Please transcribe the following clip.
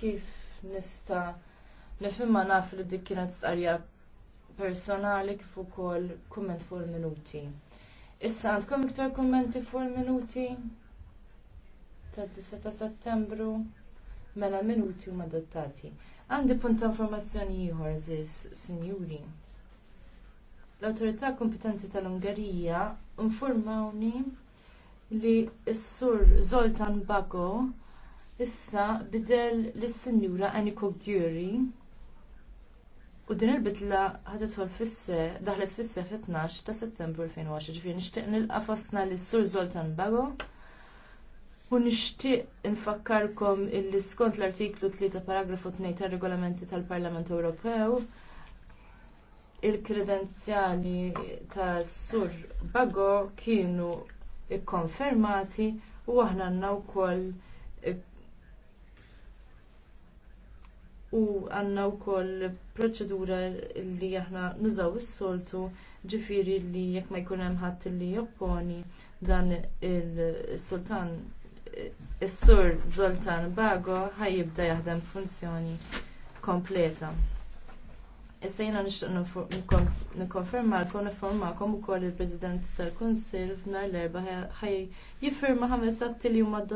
kif nista nifimma naf li dik kienet starja personali kif ukoll kumment fuq il-minuti. Issa għandkom iktar kummenti fuq il-minuti ta' 9 ta' settembru mela minuti huma adottati. Għandi punta ta' informazzjoni ieħor żis, sinjuri. L-awtorità kompetenti tal-Ungerija informawni li s-sur Zoltan Bago issa bidel lis-Sinjura Aniko Gjuri u din il-bidla ħadet fisse, daħlet fisse fit-12 ta' settembru 2020, ġifir nixtieq nilqa' fostna lis-Sur Zoltan Bago u nixtieq nfakkarkom il skont l-artiklu 3 paragrafu 2 tar-regolamenti tal-Parlament Ewropew il-kredenzjali tas sur Bago kienu ikkonfermati u aħna għandna wkoll u għandna wkoll proċedura li aħna nużaw is-soltu ġifieri li jekk ma jkun hemm ħadd li jopponi dan il-sultan is-sur Zoltan Bago jibda jaħdem funzjoni kompleta. Issa jena nikonferma l niformakom u koll il-President tal kunsill f'nar l-erba ħaj jiffirma ħames atti li huma